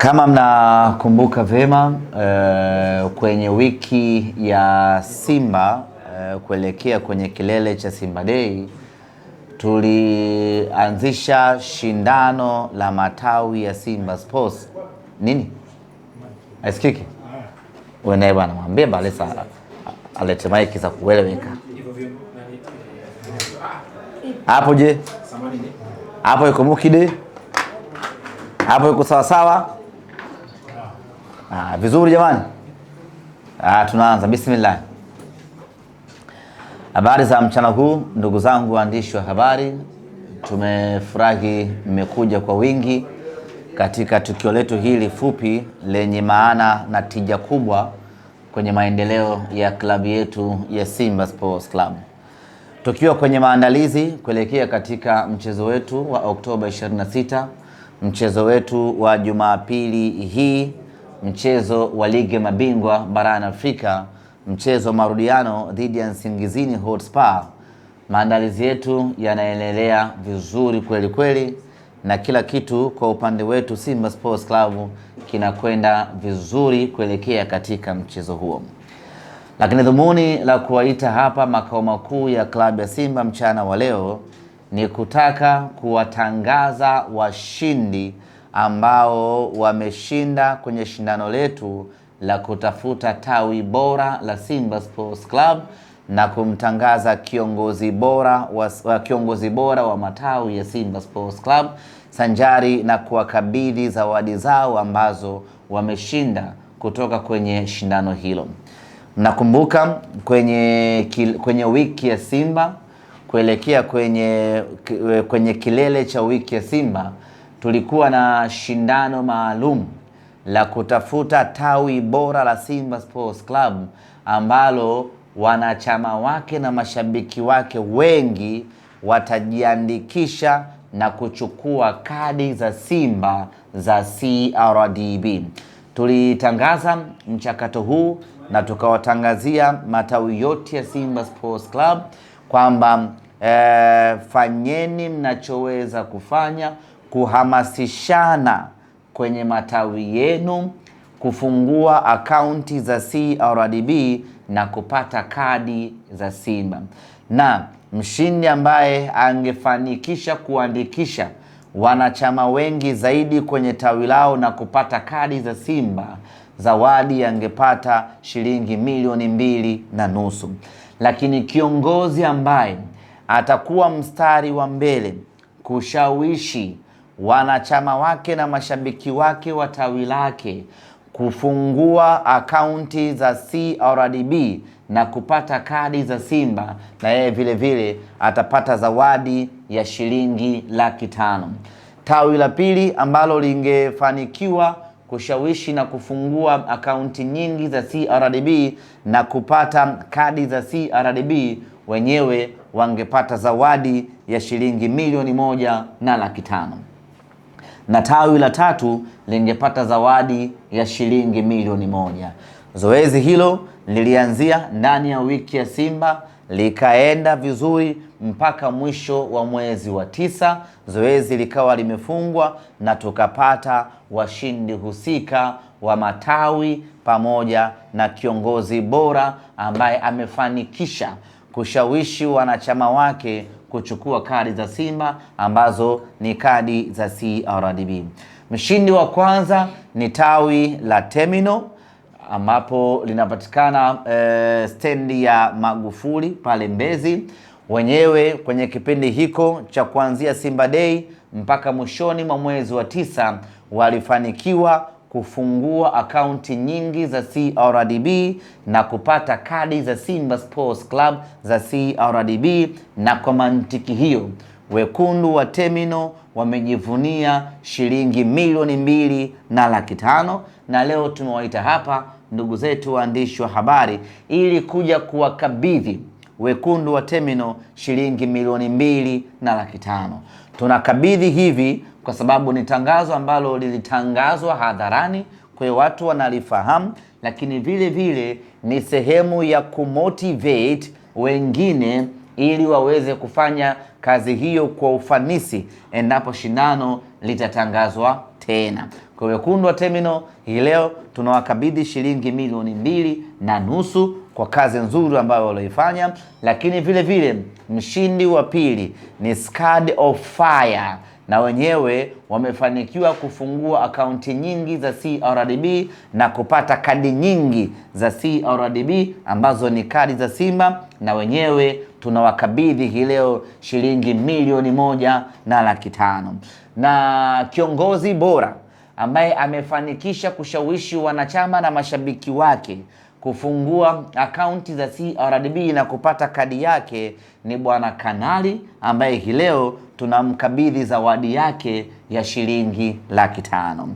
Kama mnakumbuka vyema uh, kwenye wiki ya Simba uh, kuelekea kwenye kilele cha Simba Day tulianzisha shindano la matawi ya Simba Sports. Nini? Aisikiki? Wewe naye bwana mwambie Balesa alete maiki za kueleweka. Hapo je? Hapo ikumukide Hapo iko sawa sawa? Ah, vizuri jamani. Ah, tunaanza bismillah. Habari za mchana huu ndugu zangu waandishi wa habari, tumefurahi mmekuja kwa wingi katika tukio letu hili fupi lenye maana na tija kubwa kwenye maendeleo ya klabu yetu ya Simba Sports Club. Tukiwa kwenye maandalizi kuelekea katika mchezo wetu wa Oktoba 26, mchezo wetu wa Jumapili hii mchezo wa ligi ya mabingwa barani Afrika, mchezo wa marudiano dhidi ya Nsingizini Hotspur. Maandalizi yetu yanaendelea vizuri kweli kweli, na kila kitu kwa upande wetu Simba Sports Club kinakwenda vizuri kuelekea katika mchezo huo. Lakini dhumuni la kuwaita hapa makao makuu ya klabu ya Simba mchana wa leo ni kutaka kuwatangaza washindi ambao wameshinda kwenye shindano letu la kutafuta tawi bora la Simba Sports Club na kumtangaza kiongozi bora wa, kiongozi bora wa matawi ya Simba Sports Club sanjari na kuwakabidhi zawadi zao ambazo wameshinda kutoka kwenye shindano hilo. Mnakumbuka kwenye, kwenye wiki ya Simba kuelekea kwenye, kwenye kilele cha wiki ya Simba tulikuwa na shindano maalum la kutafuta tawi bora la Simba Sports Club ambalo wanachama wake na mashabiki wake wengi watajiandikisha na kuchukua kadi za Simba za CRDB. Tulitangaza mchakato huu na tukawatangazia matawi yote ya Simba Sports Club kwamba eh, fanyeni mnachoweza kufanya kuhamasishana kwenye matawi yenu, kufungua akaunti za CRDB na kupata kadi za Simba. Na mshindi ambaye angefanikisha kuandikisha wanachama wengi zaidi kwenye tawi lao na kupata kadi za Simba, zawadi angepata shilingi milioni mbili na nusu. Lakini kiongozi ambaye atakuwa mstari wa mbele kushawishi wanachama wake na mashabiki wake wa tawi lake kufungua akaunti za CRDB na kupata kadi za Simba, na yeye vile vile atapata zawadi ya shilingi laki tano. Tawi la pili ambalo lingefanikiwa kushawishi na kufungua akaunti nyingi za CRDB na kupata kadi za CRDB wenyewe wangepata zawadi ya shilingi milioni moja na laki tano na tawi la tatu lingepata zawadi ya shilingi milioni moja. Zoezi hilo lilianzia ndani ya wiki ya Simba likaenda vizuri mpaka mwisho wa mwezi wa tisa, zoezi likawa limefungwa na tukapata washindi husika wa matawi pamoja na kiongozi bora ambaye amefanikisha kushawishi wanachama wake kuchukua kadi za Simba ambazo ni kadi za CRDB. Mshindi wa kwanza ni tawi la Terminal ambapo linapatikana e, stendi ya Magufuli pale Mbezi. Wenyewe kwenye kipindi hiko cha kuanzia Simba Day mpaka mwishoni mwa mwezi wa tisa walifanikiwa kufungua akaunti nyingi za CRDB na kupata kadi za Simba Sports Club za CRDB, na kwa mantiki hiyo wekundu wa Temino wamejivunia shilingi milioni mbili na laki tano na leo tumewaita hapa ndugu zetu waandishi wa habari ili kuja kuwakabidhi wekundu wa Temino shilingi milioni mbili na laki tano tunakabidhi hivi kwa sababu ni tangazo ambalo lilitangazwa hadharani, kwa hiyo watu wanalifahamu, lakini vile vile ni sehemu ya kumotivate wengine ili waweze kufanya kazi hiyo kwa ufanisi endapo shindano litatangazwa tena. Kwa Wekundu wa Terminal hii leo tunawakabidhi shilingi milioni mbili na nusu kwa kazi nzuri ambayo walioifanya, lakini vile vile mshindi wa pili ni Squad of Fire na wenyewe wamefanikiwa kufungua akaunti nyingi za CRDB na kupata kadi nyingi za CRDB ambazo ni kadi za Simba, na wenyewe tunawakabidhi hii leo shilingi milioni moja na laki tano. Na kiongozi bora ambaye amefanikisha kushawishi wanachama na mashabiki wake kufungua akaunti za CRDB na kupata kadi yake ni bwana Kanali ambaye hii leo tunamkabidhi zawadi yake ya shilingi laki tano.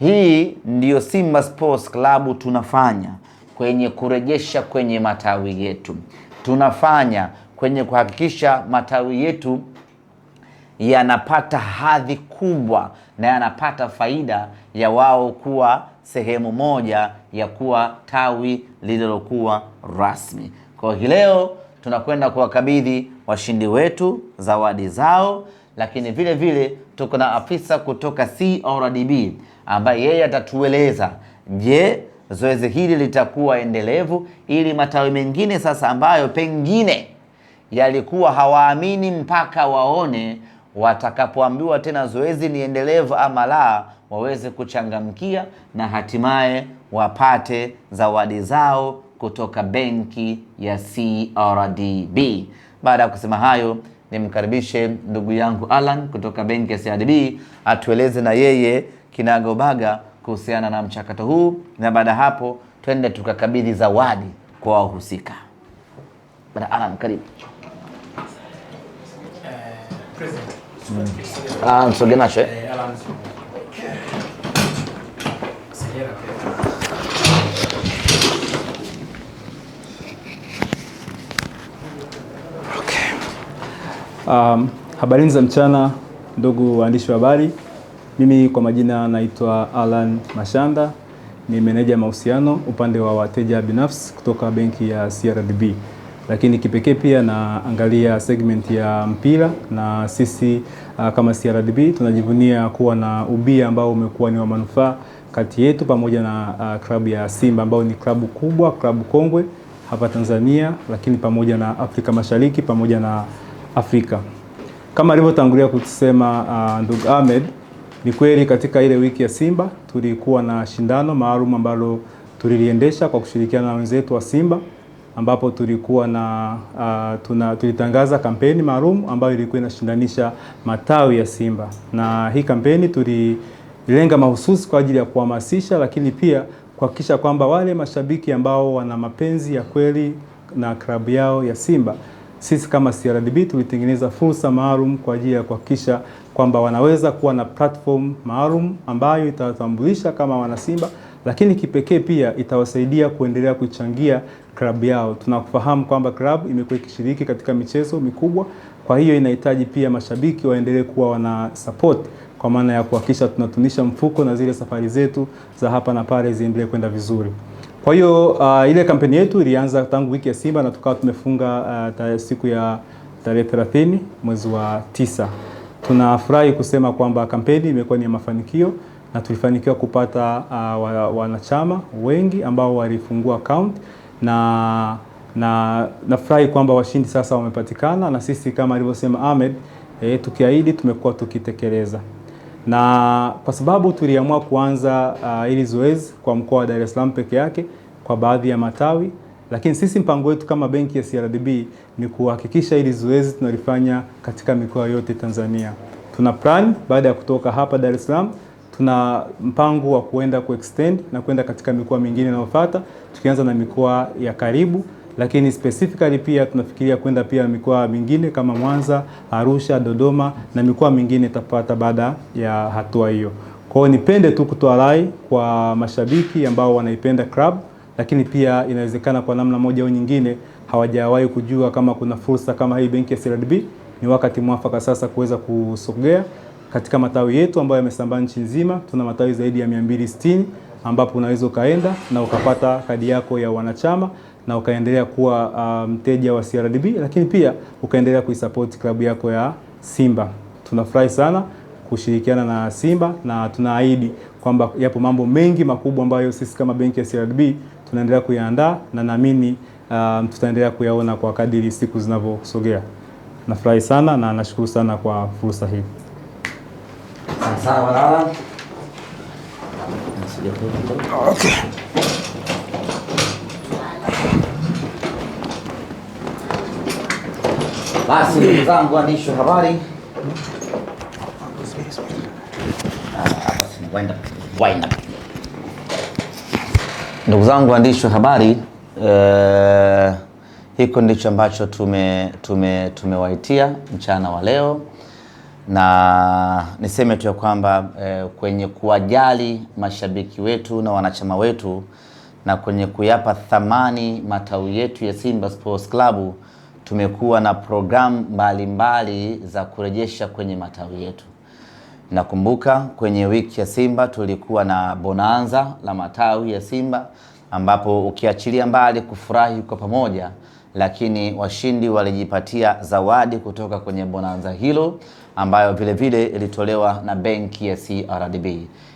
Hii ndiyo Simba Sports Club tunafanya kwenye kurejesha kwenye matawi yetu, tunafanya kwenye kuhakikisha matawi yetu yanapata hadhi kubwa na yanapata faida ya wao kuwa sehemu moja ya kuwa tawi lililokuwa rasmi. Kwa hiyo leo tunakwenda kuwakabidhi washindi wetu zawadi zao, lakini vile vile tuko na afisa kutoka CRDB ambaye yeye atatueleza je, zoezi hili litakuwa endelevu ili matawi mengine sasa ambayo pengine yalikuwa hawaamini mpaka waone watakapoambiwa tena zoezi ni endelevu ama la, waweze kuchangamkia na hatimaye wapate zawadi zao kutoka benki ya CRDB. Baada ya kusema hayo, nimkaribishe ndugu yangu Alan kutoka benki ya CRDB atueleze na yeye kinagobaga kuhusiana na mchakato huu, na baada hapo twende tukakabidhi zawadi kwa wahusika. Bwana Alan, karibu. Uh, Msoge ah, nacho eh? Um, habarini za mchana ndugu waandishi wa habari. Mimi kwa majina naitwa alan Mashanda, ni meneja mahusiano upande wa wateja binafsi kutoka benki ya CRDB lakini kipekee pia naangalia segment ya mpira, na sisi uh, kama CRDB tunajivunia kuwa na ubia ambao umekuwa ni wa manufaa kati yetu pamoja na uh, klabu ya Simba ambao ni klabu kubwa, klabu kongwe hapa Tanzania, lakini pamoja na Afrika Mashariki pamoja na Afrika. Kama alivyotangulia kusema uh, ndugu Ahmed, ni kweli katika ile wiki ya Simba tulikuwa na shindano maalum ambalo tuliliendesha kwa kushirikiana na wenzetu wa Simba ambapo tulikuwa na uh, tuna, tulitangaza kampeni maalum ambayo ilikuwa inashindanisha matawi ya Simba, na hii kampeni tulilenga mahususi kwa ajili ya kuhamasisha, lakini pia kuhakikisha kwamba wale mashabiki ambao wana mapenzi ya kweli na klabu yao ya Simba, sisi kama CRDB tulitengeneza fursa maalum kwa ajili ya kuhakikisha kwamba wanaweza kuwa na platform maalum ambayo itawatambulisha kama wanasimba lakini kipekee pia itawasaidia kuendelea kuichangia klabu yao. Tunafahamu kwamba klabu imekuwa ikishiriki katika michezo mikubwa, kwa hiyo inahitaji pia mashabiki waendelee kuwa wana support kwa maana ya kuhakikisha tunatunisha mfuko na zile safari zetu za hapa na pale ziendelee kwenda vizuri. Kwa hiyo uh, ile kampeni yetu ilianza tangu wiki ya Simba na tukawa tumefunga uh, siku ya tarehe 30 mwezi wa tisa. Tunafurahi kusema kwamba kampeni imekuwa ni ya mafanikio na tulifanikiwa kupata uh, wanachama wengi ambao walifungua account na na nafurahi kwamba washindi sasa wamepatikana, na sisi kama alivyosema Ahmed e, tukiahidi tumekuwa tukitekeleza, na kwa sababu tuliamua kuanza ah, hili uh, zoezi kwa mkoa wa Dar es Salaam peke yake kwa baadhi ya matawi, lakini sisi mpango wetu kama benki ya CRDB ni kuhakikisha hili zoezi tunalifanya katika mikoa yote Tanzania. Tuna plan baada ya kutoka hapa Dar es Salaam tuna mpango wa kuenda kuextend na kwenda katika mikoa mingine inayofuata, tukianza na mikoa ya karibu, lakini specifically pia tunafikiria kwenda pia mikoa mingine kama Mwanza, Arusha, Dodoma na mikoa mingine itapata baada ya hatua hiyo. Kwa hiyo nipende tu kutoa rai kwa mashabiki ambao wanaipenda club, lakini pia inawezekana kwa namna moja au nyingine hawajawahi kujua kama kuna fursa kama hii benki ya CRDB. Ni wakati mwafaka sasa kuweza kusogea katika matawi yetu ambayo yamesambaa nchi nzima. Tuna matawi zaidi ya 260 ambapo unaweza ukaenda na ukapata kadi yako ya wanachama na ukaendelea kuwa ah, mteja um, wa CRDB, lakini pia ukaendelea kuisapoti klabu yako ya Simba. Tunafurahi sana kushirikiana na Simba na tunaahidi kwamba yapo mambo mengi makubwa ambayo sisi kama benki ya CRDB tunaendelea kuyaandaa na naamini um, tutaendelea kuyaona kwa kadiri siku zinavyosogea. Nafurahi sana na nashukuru sana kwa fursa hii. Basi ndugu zangu waandishi wa habari, ndugu zangu waandishi wa habari, eh, hiko ndicho ambacho tume tumewaitia mchana wa leo na niseme tu ya kwamba eh, kwenye kuwajali mashabiki wetu na wanachama wetu na kwenye kuyapa thamani matawi yetu ya Simba Sports Club tumekuwa na programu mbalimbali za kurejesha kwenye matawi yetu. Nakumbuka kwenye wiki ya Simba tulikuwa na bonanza la matawi ya Simba ambapo ukiachilia mbali kufurahi kwa pamoja lakini washindi walijipatia zawadi kutoka kwenye bonanza hilo ambayo vilevile ilitolewa na benki ya CRDB.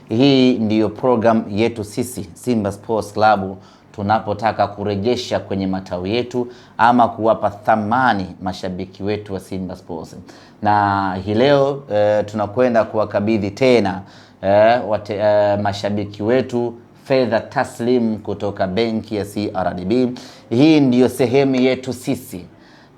Hii ndiyo programu yetu sisi Simba Sports Club tunapotaka kurejesha kwenye matawi yetu ama kuwapa thamani mashabiki wetu wa Simba Sports. Na hii leo e, tunakwenda kuwakabidhi tena e, wate, e, mashabiki wetu fedha taslim kutoka benki ya CRDB. Hii ndiyo sehemu yetu sisi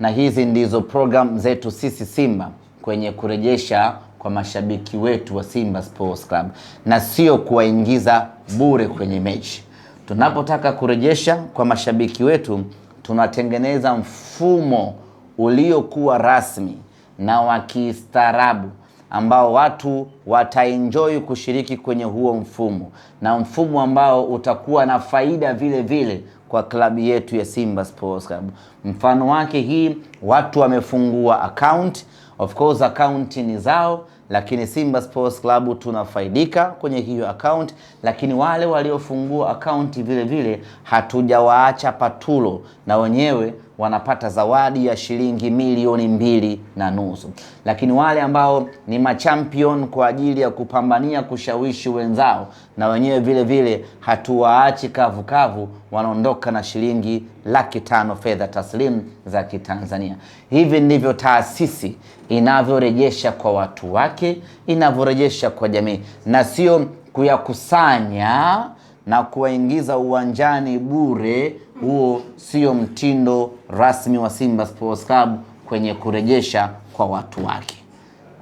na hizi ndizo programu zetu sisi Simba kwenye kurejesha kwa mashabiki wetu wa Simba Sports Club na sio kuwaingiza bure kwenye mechi. Tunapotaka kurejesha kwa mashabiki wetu, tunatengeneza mfumo uliokuwa rasmi na wa kistaarabu ambao watu wataenjoy kushiriki kwenye huo mfumo na mfumo ambao utakuwa na faida vile vile kwa klabu yetu ya Simba Sports Club. Mfano wake hii, watu wamefungua account, of course account ni zao, lakini Simba Sports Club tunafaidika kwenye hiyo account, lakini wale waliofungua account vile vile hatujawaacha patulo na wenyewe wanapata zawadi ya shilingi milioni mbili na nusu. Lakini wale ambao ni machampion kwa ajili ya kupambania kushawishi wenzao, na wenyewe vile vile hatuwaachi kavu kavu, wanaondoka na shilingi laki tano fedha taslimu za Kitanzania. Hivi ndivyo taasisi inavyorejesha kwa watu wake, inavyorejesha kwa jamii na sio kuyakusanya na kuwaingiza uwanjani bure, huo sio mtindo rasmi wa Simba Sports Club kwenye kurejesha kwa watu wake.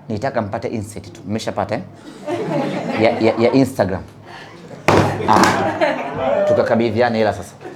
Nitaka mpate insight tu, mmeshapata eh? ya, ya, ya Instagram ah, tukakabidhiana hela sasa.